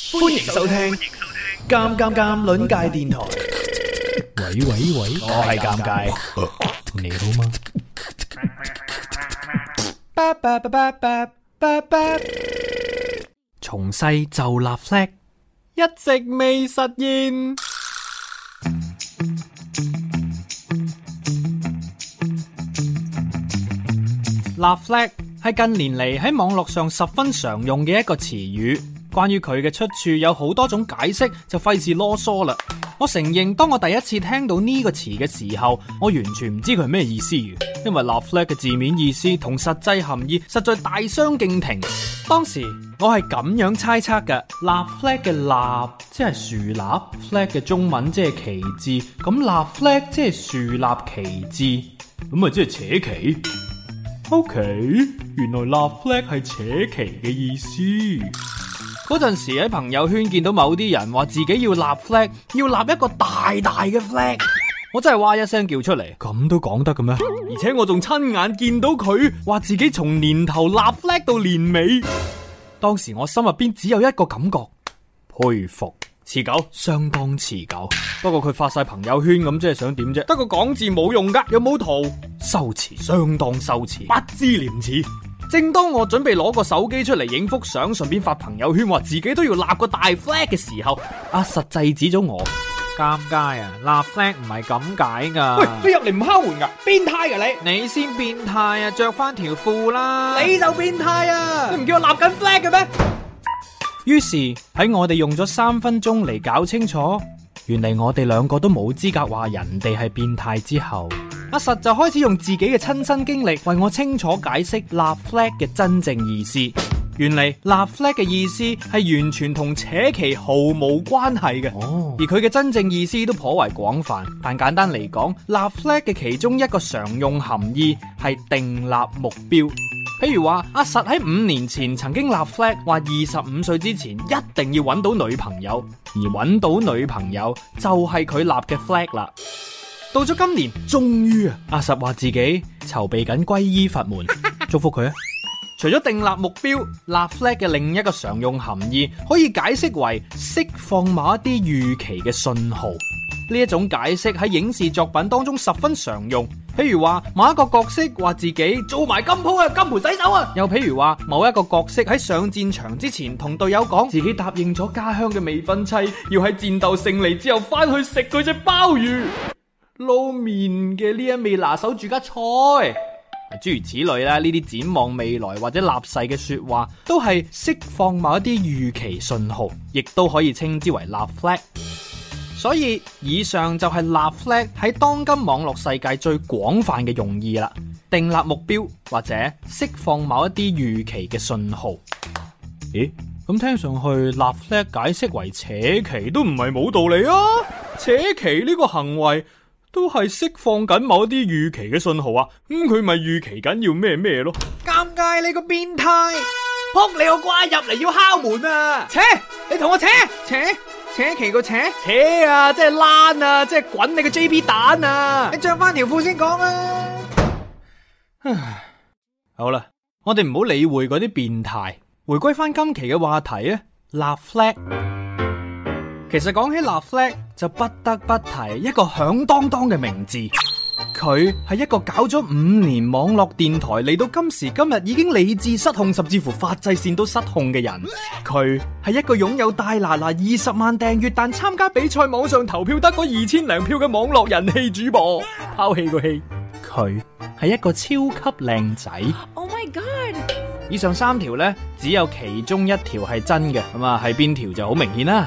歡迎收聽《尷尷尷》輪界電台。喂喂喂，我係尷尬， 你好嗎？從 細就立 flag，一直未實現。立 flag 係近年嚟喺網絡上十分常用嘅一個詞語。關於佢嘅出處有好多種解釋，就費事囉嗦啦。我承認，當我第一次聽到呢個詞嘅時候，我完全唔知佢係咩意思嘅，因為立 flag 嘅字面意思同實際含義實在大相徑庭。當時我係咁樣猜測嘅：立 flag 嘅立即係樹立，flag 嘅中文即係旗幟，咁立 flag 即係樹立旗幟，咁啊即係扯旗。O.K.，原來立 flag 係扯旗嘅意思。嗰陣時喺朋友圈見到某啲人話自己要立 flag，要立一個大大嘅 flag，我真係哇一聲叫出嚟，咁都講得嘅咩？而且我仲親眼見到佢話自己從年頭立 flag 到年尾。當時我心入邊只有一個感覺，佩服，持久，相當持久。不過佢發晒朋友圈咁，即係想點啫？得個講字冇用噶，有冇圖？羞恥，相當羞恥，不知廉恥。正當我準備攞個手機出嚟影幅相，順便發朋友圈話自己都要立個大 flag 嘅時候，阿、啊、實制止咗我。尷尬啊，立 flag 唔係咁解噶。喂，你入嚟唔敲門噶，變態噶、啊、你！你先變態啊，着翻條褲啦！你就變態啊，你唔叫我立緊 flag 嘅咩？於是喺我哋用咗三分鐘嚟搞清楚，原嚟我哋兩個都冇資格話人哋係變態之後。阿實就開始用自己嘅親身經歷為我清楚解釋立 flag 嘅真正意思，原來。原嚟，立 flag 嘅意思係完全同扯旗毫無關係嘅，而佢嘅真正意思都頗為廣泛。但簡單嚟講，立 flag 嘅其中一個常用含義係訂立目標。譬如話阿實喺五年前曾經立 flag，話二十五歲之前一定要揾到女朋友，而揾到女朋友就係佢立嘅 flag 啦。到咗今年，終於啊，阿實話自己籌備緊皈依佛門， 祝福佢啊！除咗訂立目標，立 flag 嘅另一個常用含義，可以解釋為釋放某一啲預期嘅信號。呢一種解釋喺影視作品當中十分常用。譬如話某一個角色話自己做埋金鋪啊，金盆洗手啊；又譬如話某一個角色喺上戰場之前，同隊友講自己答應咗家鄉嘅未婚妻，要喺戰鬥勝利之後翻去食佢隻鮑魚。撈麵嘅呢一味拿手住家菜，諸如此類啦。呢啲展望未來或者立誓嘅說話，都係釋放某一啲預期信號，亦都可以稱之為立 flag。所以以上就係、是、立 flag 喺當今網絡世界最廣泛嘅用意啦。定立目標或者釋放某一啲預期嘅信號。咦？咁聽上去立 flag 解釋為扯旗都唔係冇道理啊！扯旗呢個行為。都係釋放緊某啲預期嘅信號啊，咁佢咪預期緊要咩咩咯？尷尬，你個變態，撲你個瓜入嚟要敲門啊！扯，你同我扯，扯，扯其個扯，扯啊，即係爛啊，即係滾你個 JB 蛋啊！你着翻條褲先講啊！唉，好啦，我哋唔好理會嗰啲變態，回歸翻今期嘅話題啊，立 flag。其實講起立 flag 就不得不提一個響當當嘅名字，佢係一個搞咗五年網絡電台，嚟到今時今日已經理智失控，甚至乎髮際線都失控嘅人。佢係一個擁有大拿拿二十萬訂閱，但參加比賽網上投票得嗰二千零票嘅網絡人氣主播。拋棄個氣，佢係一個超級靚仔。Oh my god！以上三條呢，只有其中一條係真嘅，咁啊係邊條就好明顯啦。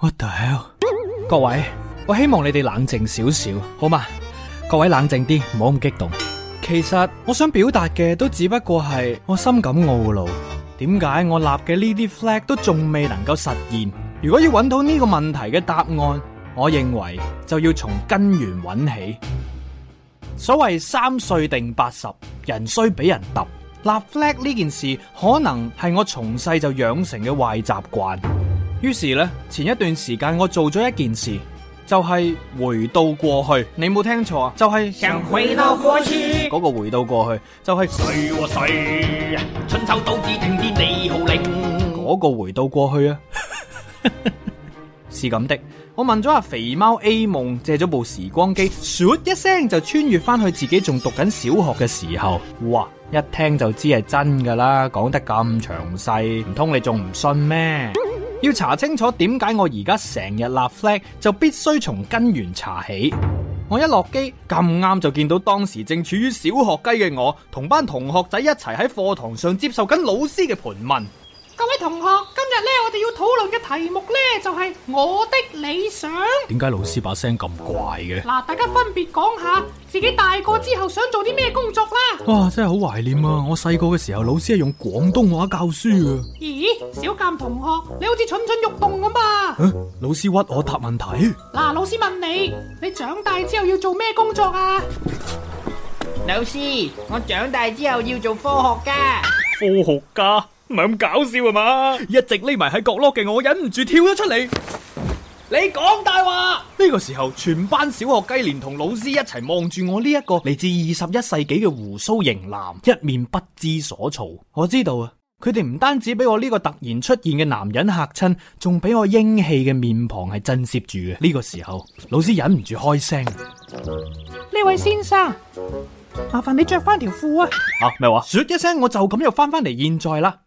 我屌各位，我希望你哋冷靜少少，好嘛？各位冷靜啲，唔好咁激動。其實我想表達嘅都只不過係我心感懊惱，點解我立嘅呢啲 flag 都仲未能夠實現？如果要揾到呢個問題嘅答案，我認為就要從根源揾起。所謂三歲定八十，人衰俾人揼。立 flag 呢件事可能係我從細就養成嘅壞習慣，於是呢，前一段時間我做咗一件事，就係、是、回到過去。你冇聽錯啊，就係、是、想回到過去嗰個回到過去，就係、是啊啊、春秋都只聽天你號令嗰個回到過去啊。 咁的，我問咗阿肥貓 A 夢借咗部時光機，唰一聲就穿越翻去自己仲讀緊小學嘅時候。哇，一聽就知係真噶啦，講得咁詳細，唔通你仲唔信咩？要查清楚點解我而家成日立 flag，就必須從根源查起。我一落機咁啱就見到當時正處於小學雞嘅我，同班同學仔一齊喺課堂上接受緊老師嘅盤問。各位同學，今日咧我哋要討論嘅題目咧就係我的理想。點解老師把聲咁怪嘅？嗱，大家分別講下自己大個之後想做啲咩工作啦。哇，真係好懷念啊！我細個嘅時候老師係用廣東話教書啊。咦，小鑑同學，你好似蠢蠢欲動咁啊！嗯，老師屈我答問題。嗱、啊，老師問你，你長大之後要做咩工作啊？老師，我長大之後要做科學家。科學家。唔係咁搞笑係嘛？一直匿埋喺角落嘅我，忍唔住跳咗出嚟。你講大話！呢個時候，全班小學雞連同老師一齊望住我呢一個嚟自二十一世紀嘅鬍鬚型男，一面不知所措。我知道啊，佢哋唔單止俾我呢個突然出現嘅男人吓親，仲俾我英氣嘅面龐係震懾住嘅。呢個時候，老師忍唔住開聲：呢位先生，麻煩你着翻條褲啊！啊咩話？說一聲，我就咁又翻翻嚟現在啦。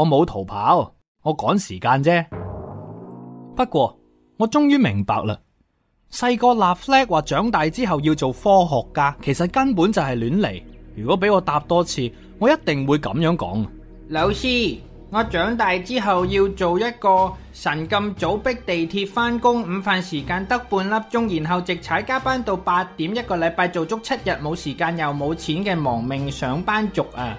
我冇逃跑，我趕時間啫。不過我終於明白啦，細個立 flag 話長大之後要做科學家，其實根本就係亂嚟。如果俾我答多次，我一定會咁樣講。老師，我長大之後要做一個神咁早逼地鐵返工，午飯時間得半粒鐘，然後直踩加班到八點，一個禮拜做足七日，冇時間又冇錢嘅亡命上班族啊！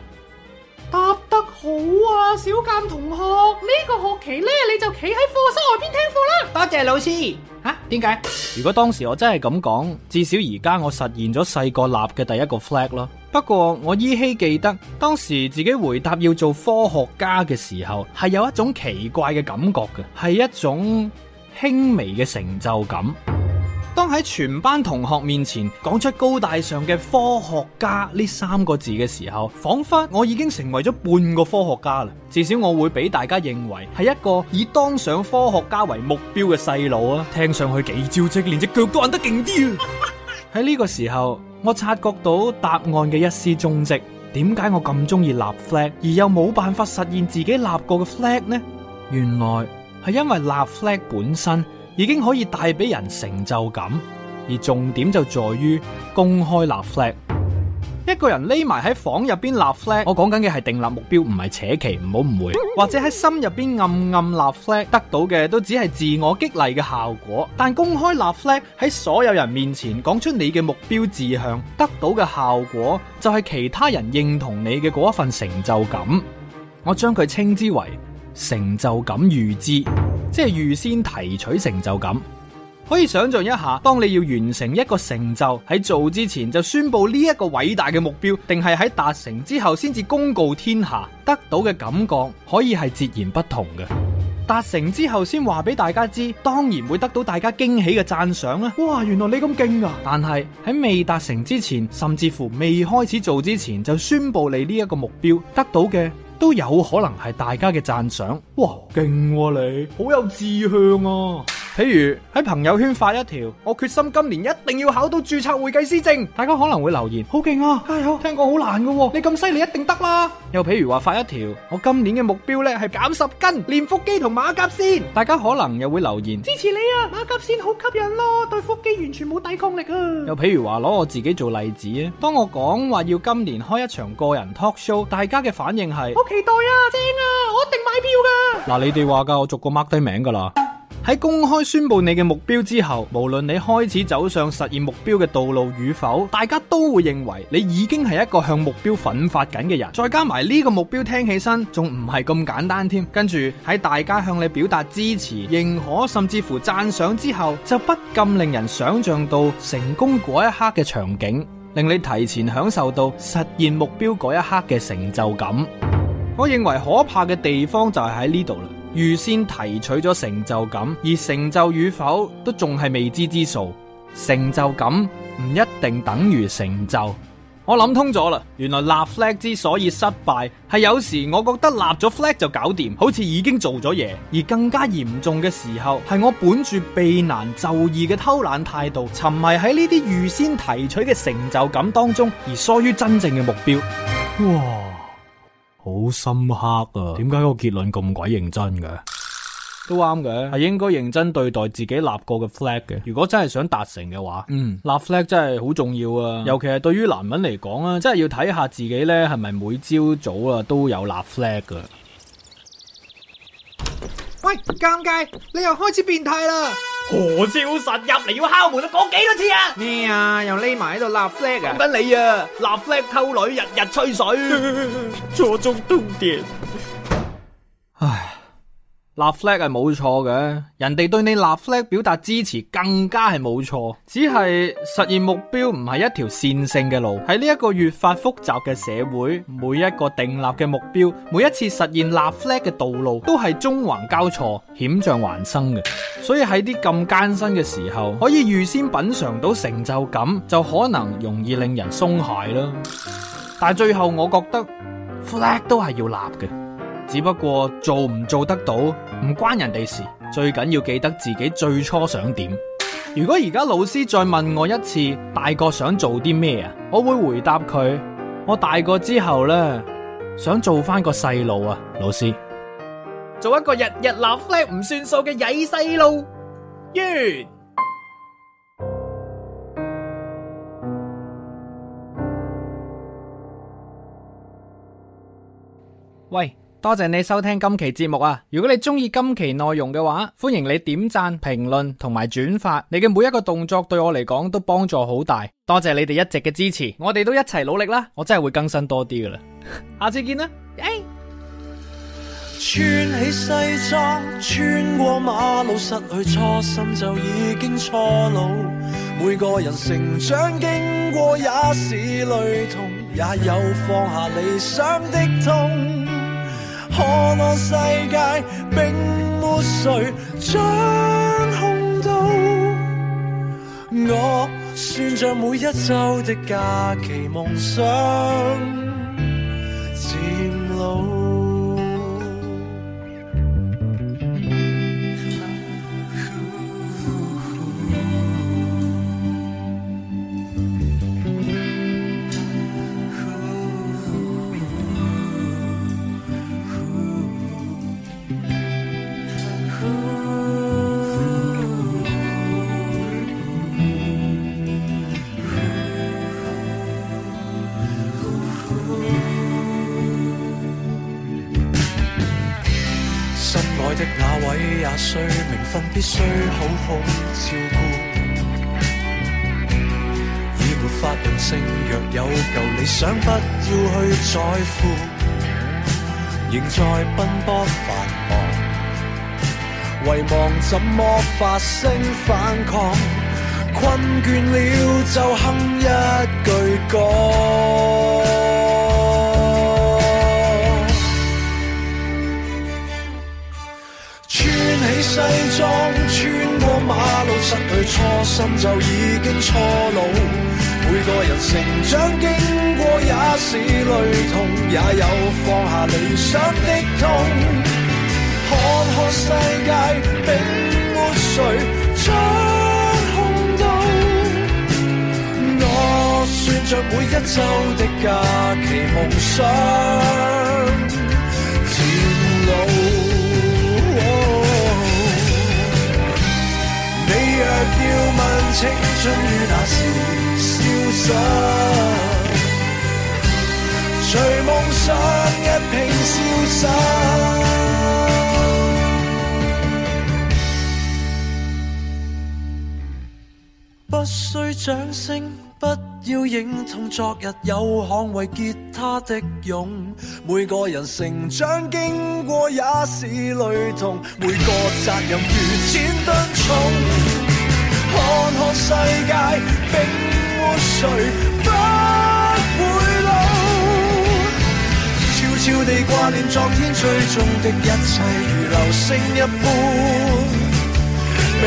答得好啊，小健同學，呢、這個學期呢，你就企喺課室外邊聽課啦。多謝老師。吓、啊，點解？如果當時我真係咁講，至少而家我實現咗細個立嘅第一個 flag 咯。不過我依稀記得當時自己回答要做科學家嘅時候，係有一種奇怪嘅感覺嘅，係一種輕微嘅成就感。當喺全班同學面前講出高大上嘅科學家呢三個字嘅時候，仿佛我已經成為咗半個科學家啦。至少我會俾大家認為係一個以當上科學家為目標嘅細路啊。聽上去幾招積，連隻腳都行得勁啲啊！喺呢 個時候，我察覺到答案嘅一絲蹤跡。點解我咁中意立 flag，而又冇辦法實現自己立過嘅 flag 呢？原來係因為立 flag 本身。已經可以帶俾人成就感，而重點就在於公開立 flag。一個人匿埋喺房入邊立 flag，我講緊嘅係訂立目標，唔係扯旗，唔好誤會。 或者喺心入邊暗暗立 flag，得到嘅都只係自我激勵嘅效果。但公開立 flag 喺所有人面前講出你嘅目標志向，得到嘅效果就係、是、其他人認同你嘅嗰一份成就感。我將佢稱之為成就感預知。即係預先提取成就感，可以想象一下，當你要完成一個成就，喺做之前就宣布呢一個偉大嘅目標，定係喺達成之後先至公告天下，得到嘅感覺可以係截然不同嘅。達 成之後先話俾大家知，當然會得到大家驚喜嘅讚賞啊！哇，原來你咁勁啊！但係喺未達成之前，甚至乎未開始做之前就宣布你呢一個目標，得到嘅。都有可能係大家嘅讚賞，哇！勁喎，啊，你，好有志向啊！譬如喺朋友圈發一條，我決心今年一定要考到註冊會計師證，大家可能會留言，好勁啊，加油！聽過好難噶，你咁犀利一定得啦。又譬如話發一條，我今年嘅目標呢係減十斤，練腹肌同馬甲線，大家可能又會留言支持你啊！馬甲線好吸引咯，對腹肌完全冇抵抗力啊！又譬如話攞我自己做例子啊，當我講話要今年開一場個人 talk show，大家嘅反應係好期待啊，正啊，我一定買票噶。嗱、啊，你哋話噶，我逐個 mark 低名噶啦。喺公開宣布你嘅目標之後，無論你開始走上實現目標嘅道路與否，大家都會認為你已經係一個向目標奮發緊嘅人。再加埋呢個目標聽起身仲唔係咁簡單添。跟住喺大家向你表達支持、認可甚至乎讚賞之後，就不禁令人想象到成功嗰一刻嘅場景，令你提前享受到實現目標嗰一刻嘅成就感。我認為可怕嘅地方就係喺呢度啦。預先提取咗成就感，而成就與否都仲係未知之數。成就感唔一定等於成就。我諗通咗啦，原來立 flag 之所以失敗，係有時我覺得立咗 flag 就搞掂，好似已經做咗嘢。而更加嚴重嘅時候，係我本住避難就易嘅偷懶態度，沉迷喺呢啲預先提取嘅成就感當中，而疏於真正嘅目標。哇！好深刻啊！點解個結論咁鬼認真嘅？都啱嘅，係應該認真對待自己立過嘅 flag 嘅。如果真係想達成嘅話，嗯，立 flag 真係好重要啊！尤其係對於男人嚟講啊，真係要睇下自己呢係咪每朝早啊都有立 flag 嘅。喂，尷尬，你又開始變態啦！何超神入嚟要敲門都，講幾多次啊？咩啊？又匿埋喺度立 flag 啊！唔得你啊！立 flag 偷女，日日吹水，着重重點。唉。立 flag 係冇錯嘅，人哋對你立 flag 表達支持更加係冇錯。只係實現目標唔係一條線性嘅路，喺呢一個越發複雜嘅社會，每一個定立嘅目標，每一次實現立 flag 嘅道路，都係縱橫交錯、險象環生嘅。所以喺啲咁艱辛嘅時候，可以預先品嘗到成就感，就可能容易令人鬆懈咯。但係最後我覺得 flag 都係要立嘅。只不過做唔做得到唔關人哋事，最緊要記得自己最初想點。如果而家老師再問我一次，大個想做啲咩啊？我會回答佢：我大個之後呢，想做翻個細路啊，老師，做一個日日立 flag 唔算數嘅曳細路。完，喂。多謝你收聽今期節目啊！如果你中意今期內容嘅話，歡迎你點讚、評論同埋轉發，你嘅每一個動作對我嚟講都幫助好大。多謝你哋一直嘅支持，我哋都一齊努力啦！我真係會更新多啲噶啦， 下次見啦，耶！穿起西裝，穿過馬路，失去初心就已經錯路。每個人成長經過也是累痛，也有放下理想的痛。可我世界並沒誰掌控到，我算着每一週的假期夢想。份必須好好照顧，已沒法任性。若有舊理想，不要去在乎。仍在奔波繁忙，遺忘怎麼發聲反抗，困倦了就哼一句歌。西裝穿過馬路，失去初心就已經錯路。每個人成長經過也是淚痛，也有放下理想的痛。看看世界，並沒誰掌控到。我算着每一周的假期夢想，前路。若要問青春於哪時消失，隨夢想一併消失， 不需掌聲，不要認同，昨日有捍衞結他的勇。每個人成長經過也是雷同，每個責任如千噸重。看看世界，並沒誰不會老。悄悄地掛念昨天最終的一切，如流星一般。未。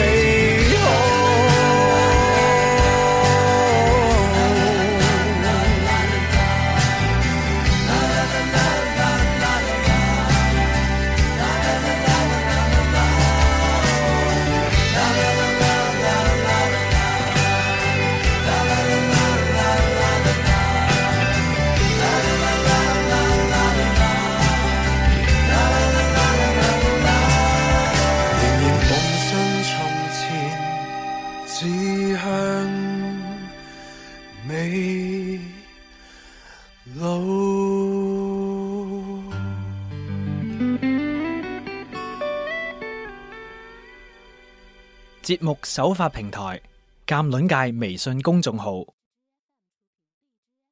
節目首發平台：鑒論界微信公眾號。